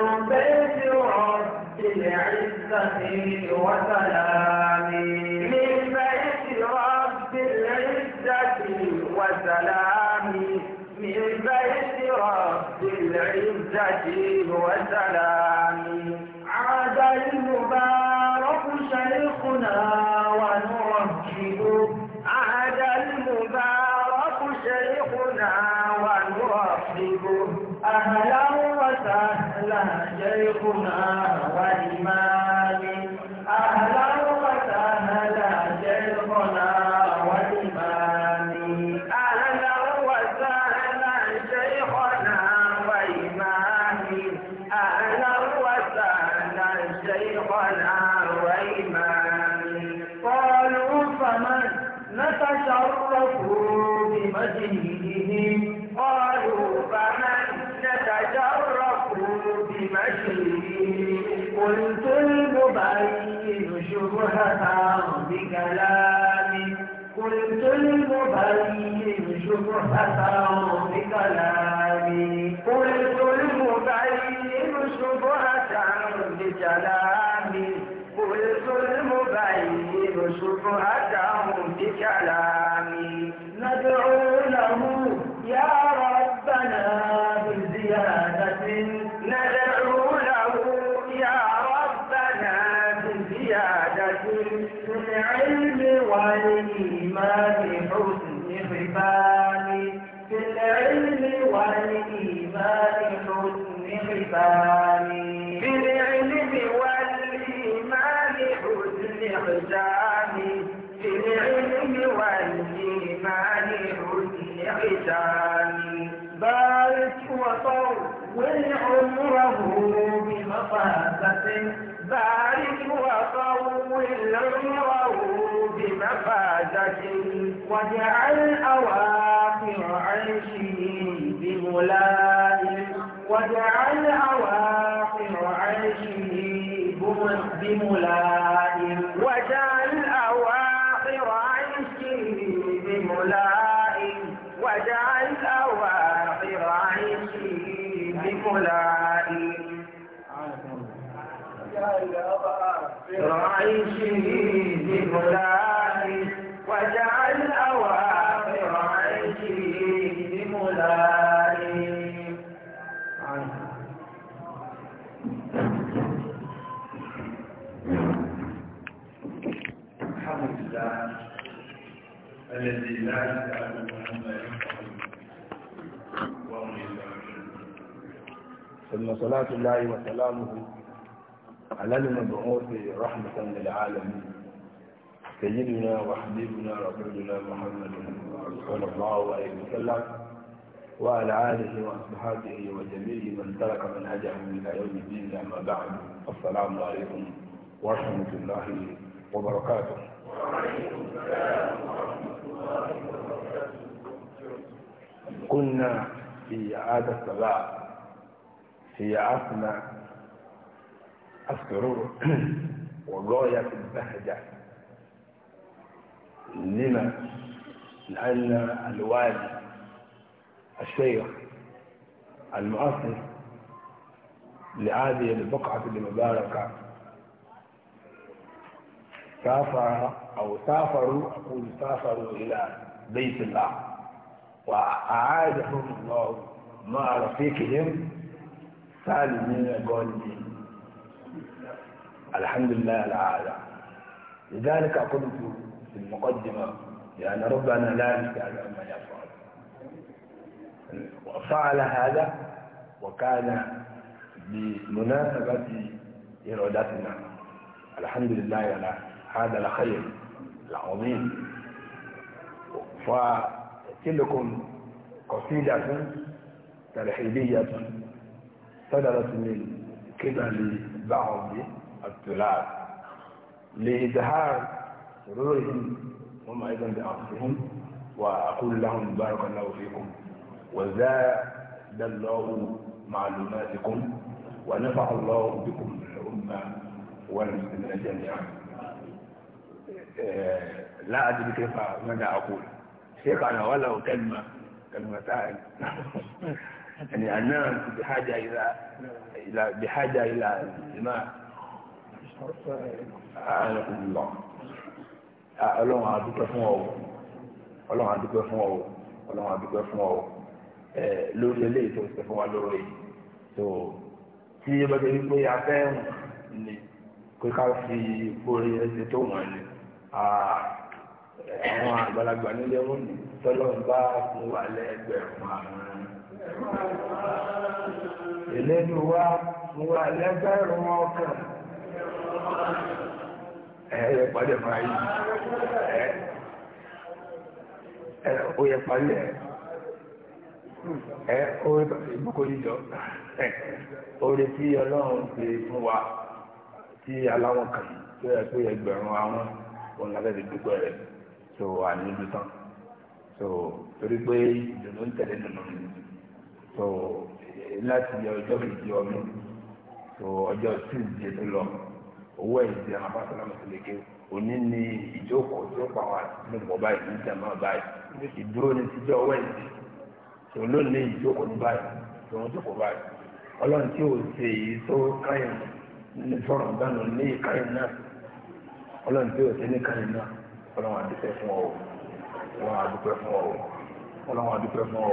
بيت رب العزة وسلامي من بيت رب العزة وسلامي من بيت رب العزة وسلامي عاد المبارك شيخنا ونرحبه عاد المبارك شيخنا ونرحبه أهلا شيخنا وإمامنا أثر بكلامي قلت المبين شبهة بكلامي قلت المبين شبهة بكلامي ندعو له يا ربنا بزيادة ندعو له يا ربنا بزيادة في العلم والإيمان حسن خبار الإيمان بالعلم والإيمان حسن ختامي بالعلم والإيمان حسن ختامي بارك وطول عمره بمصابة بارك وطول عمره بمفازة واجعل أواخر عيشه بملازمة ملائم رعيشه بملائم وجعل أوامر عيشه بملائم الحمد لله الذي لا يزال محمد ثم صلاة الله وسلامه على المبعوث رحمة للعالمين سيدنا وحبيبنا رسولنا محمد صلى الله عليه وسلم وعلى آله وأصحابه وجميع من ترك منهجه إلى يوم الدين أما بعد السلام عليكم ورحمة الله وبركاته وعليكم السلام ورحمة الله وبركاته كنا في هذا الصلاة هي أصل السرور وغاية البهجة لما لأن الوالي الشيخ المؤسس لهذه البقعة المباركة سافر أو سافروا أقول سافروا إلى بيت الله وأعادهم الله مع رفيقهم تعال مين ẹ̀gọ́ ni الحمد لله العالى لذلك قلت في المقدمة لأن ربنا لا يسأل عما يفعل وفعل هذا وكان بمناسبة إرادتنا الحمد لله على هذا الخير العظيم فتلكم قصيدة ترحيبية صدرت من قبل بعض الطلاب لإظهار سرورهم هم أيضا بأنفسهم وأقول لهم بارك الله فيكم وزاد الله معلوماتكم ونفع الله بكم الأمة والمسلمين جميعا آه، لا أدري كيف ماذا أقول شيخنا ولو كلمة كلمتان يعني الناس بحاجة إلى إلى بحاجة إلى الاستماع أعانكم الله Ọlọ́run àdúpẹ́ fún ọ Ọlọ́run àdúpẹ́ fún ọ Ọlọ́run àdúpẹ́ fún ọ lórí eléyìí tó ṣe fún wa lórí tó tí ẹ bá tẹ̀lé pé afẹ́hùn ni pé ká fi orí ẹsẹ̀ tó wọ̀n ni àwọn àgbàlagbà nílé wọn ni tọ́lọ́run bá fún wa lẹ́gbẹ̀rún àwọn ìlẹ́nu wa wà lẹ́gbẹ̀rún ọkàn ẹ̀yẹ pàdé máa yìí ẹ̀ ó yẹ pàdé ẹ̀ ó rí ìbúkọ yíjọ orí tí ọlọ́run ṣe fún wa tí aláwọn kan tó yẹ pé ẹgbẹ̀rún àwọn òun lábẹ́ ti rẹ̀ tó wà tán torí pé ìdùnnú ń tẹ̀lé so láti ọjọ́ kejì ọdún so ọjọ́ tuesday tó lọ owó ẹ̀jẹ̀ àwọn abáṣọlámù tó lè ké òní ni ìjókòó tó pa wá ní pọ̀ báyìí ní jàmbá báyìí ìdúró ní tíjọ́ owó ẹ̀jẹ̀ tó lónìí ìjókòó ní báyìí tó ń jókòó báyìí ọlọ́run tí ò ṣe èyí tó káyọ̀ ní sọ̀rọ̀ dánù ní ìkáyọ̀ náà ọlọ́run tí ò ṣe ní káyọ̀ náà ọlọ́run àdúpẹ́ fún ọ ọlọ́run àdúpẹ́ fún ọ ọlọ́run àdúpẹ́ fún ọ.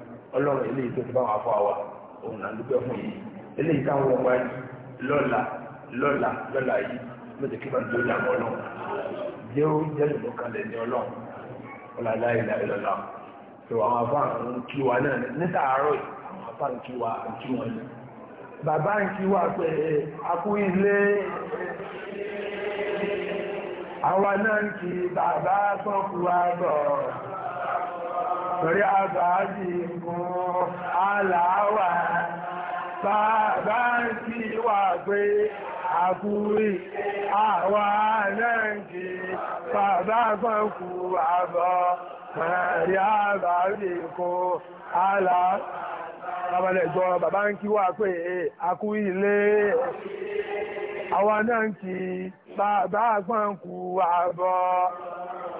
ọlọ́run eléyìí tó ti bá wà fún àwa òun náà dúpẹ́ fún yìí eléyìí táwọn ọmọ yìí lọ́la lọ́la lọ́la yìí lóde kí wọ́n dóòlà mọ́ ọlọ́run jẹ́ ó jẹ́ ìmọ̀kànlẹ̀ ní ọlọ́run ọlá láìla ìlọ́la tó àwọn afáà ń kí wa náà níta àárọ̀ yìí àwọn afáà ń kí wa kí wọn yìí bàbá ń kí wa pé akú ilé àwa náà ń kí bàbá sọ́kù wa bọ̀ ríàbájì mú aláwà bá ń kí wà pé àkúrí àwà lẹ́ǹkì bàbá gbọ́nkú àbọ̀ ríàbájì mú aláwà Babalẹ̀jọ bàbá ń kí wà pé àkú ilé àwọn náà ń kí bàbá àbọ̀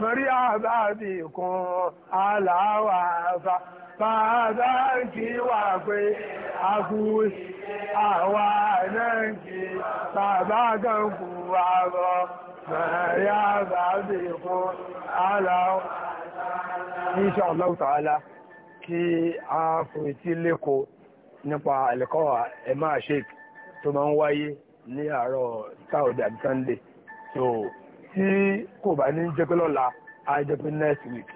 mọ̀rí àbábì kan aláwà fa fàdá kí wà pé àkúrí àwà náà kí bàbá kan kú àrọ̀ mọ̀rí àbábì kan aláwà Insha Allah ta'ala kí a fún ìtí lẹ́kọ̀ọ́ nípa ẹ̀lẹ́kọ́ ẹ̀má sheik tó máa ń wáyé ní àárọ̀ Saturday and So, tí kò bá ní jẹ́ pé lọ́la á jẹ́ pé next week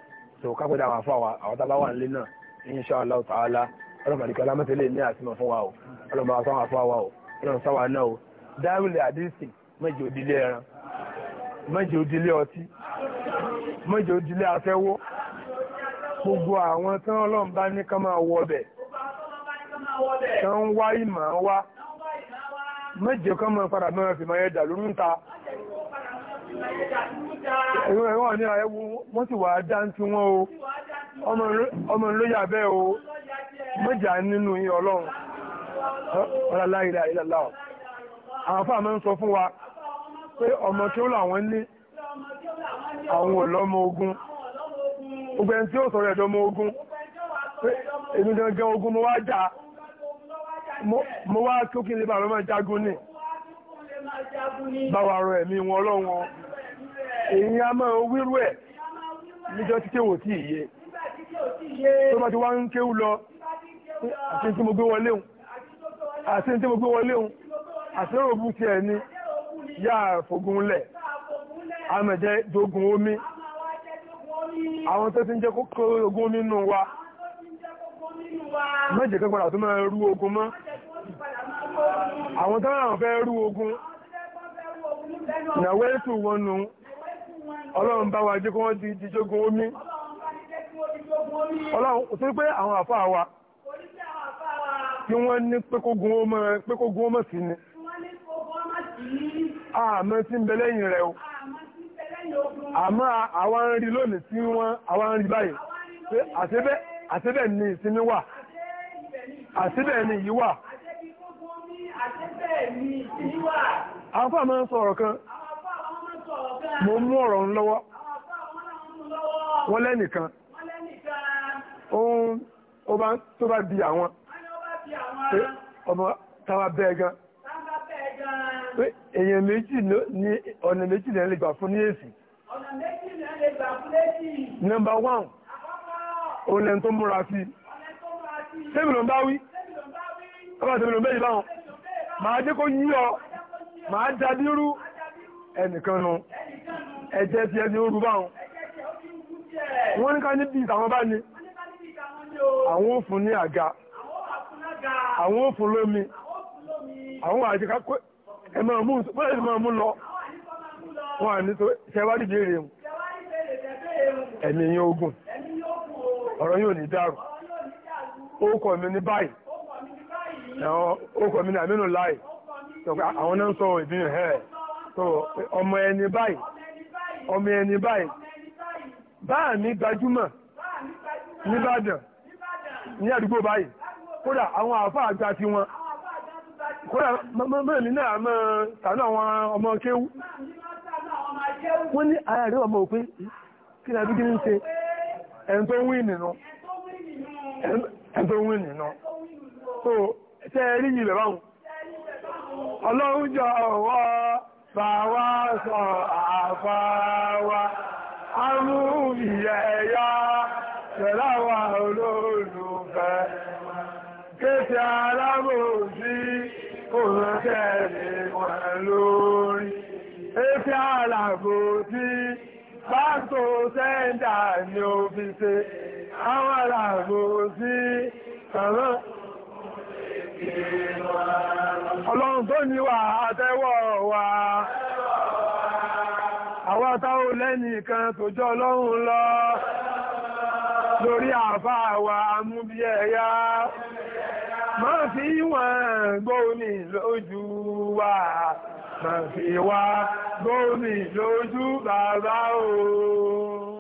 tó kápẹ́ dà wà fún àwa àwọn tábà wà nílé náà insha Allah ta'ala ọlọ́mọ àdìkẹ́ lámẹ́tẹ́lẹ̀ ní àtìmọ̀ fún wa o ọlọ́mọ àwọn sáwà fún wa o ọlọ́mọ sáwà náà o dáwìlì àdìsí mẹ́jọ òdílé ẹran mẹ́jọ òdílé ọtí mẹ́jọ òdílé afẹ́wó gbogbo àwọn tí wọ́n lọ́n bá ní ká máa wọ ọbẹ̀ tí wọ́n wá ìmọ̀ wá mẹ́jọ ká máa padà mẹ́rin fìmọ̀ ẹ̀dà lórúntà ẹ̀wọ̀n ní àyẹ̀wò wọ́n sì wà dáńtí wọn o ọmọ ìlóyà bẹ́ẹ̀ o mẹ́jà nínú yí ọlọ́run ọlọ́lá ilẹ̀ ìlàlá ọ̀ àwọn afá mẹ́ ń sọ fún wa pé ọmọ tí ó làwọn ní àwọn olọ́mọ ogun ogbẹ́ tí ó sọ̀rọ̀ ẹ̀dọ́mọ ogun pé èmi gangan ogun mo wá jà mo wá kí ó kí n lè bàbá máa jagun ní báwa rọ ẹ̀mí wọn ọlọ́run èyí a máa wírú ẹ̀ níjọ́ tí kéwò tí ìyé tó bá ti wá ń kéwú lọ àti tí mo gbé wọn léhun àti tí mo gbé wọn léhun àti òògùn ti ẹ̀ ni yá fògùn lẹ̀ àmẹ̀jẹ́ jogun omi àwọn tó ti ń jẹ́ kókó ogun omi nù wa mẹ́jẹ̀ kan padà tó máa rú ogun mọ́ àwọn tó máa fẹ́ rú ogun ìyàwó ètò wọn nù ọlọ́run bá wa jẹ́ kí wọ́n di jogun omi ọlọ́run kò sí pé àwọn àfáà wa tí wọ́n ní pékógun ọmọ sí ni àmọ́ tí ń bẹ lẹ́yìn rẹ̀ o àmọ́ àwọn ń rí lónìí tí wọ́n àwọn ń rí báyìí pé àṣẹ́bẹ̀ ni ìsinmi wà àṣẹ́bẹ̀ ni yìí wà àwọn fàmọ́ sọ̀rọ̀ kan mo mú ọ̀rọ̀ ń lọ́wọ́ wọ́n lẹ́nìkan ohun tó bá di àwọn ọmọ táwa bẹ́ẹ̀ gan pé èèyàn méjì ní ọ̀nà méjì lẹ́yìn lè gbà fún ní èsì nọ́mbà wán òun lẹ́n tó múra sí tẹ́bìlò ń bá wí ọba tẹ́bìlò méjì báwọn màá jẹ́ kó yí ọ màá jadírú ẹnìkan nù. ẹ̀jẹ̀ ti ẹni orú báwọn wọ́n ní ká níbi ìtàwọn bá ní àwọn òfin ní àga àwọn òfin lómi àwọn àti ká mú máa mú lọ à ní tó wọn ẹ̀mí yín ogun ọ̀rọ̀ yóò ní dàrú ókọ̀ mi ní báyìí ókọ̀ mi ní àmínú láì àwọn ọmọ ẹni báyìí báà ní gbajúmọ̀ nìbàdàn ní àdúgbò báyìí kódà àwọn àfáà àgbà ti wọn kódà mẹ́rin náà mọ́ tànú àwọn ọmọ kéwú wọ́n ní ara rẹ̀ ọmọ òpin kí ni abígí ń ṣe ẹ̀n tó wí nìna ẹ̀n wí nìna so tẹ́ rí yìí lẹ́bàáhùn ọlọ́run jọ ọ̀wọ́ bàwá sọ̀rọ̀ àfáwà amú ìyẹ̀ ẹ̀yà tẹ̀láwà olóòlùfẹ́ kéte alábòsí òrùnkẹ́ ìwọ̀n lórí efi alábòsí báńkò sẹ́ńdà ni ó fi ṣe àwọn alábòsí kànáà ọlọ́run tó ní wà àtẹ́wọ̀ wa àwọn atáwò lẹ́nì kan tó jọ lọ́rùn lọ lórí àfá àwà amúbí ẹ̀yà máa fi wọ́n gbóòmì lójú wa máa fi wá gbóòmì lójú bàbá ooo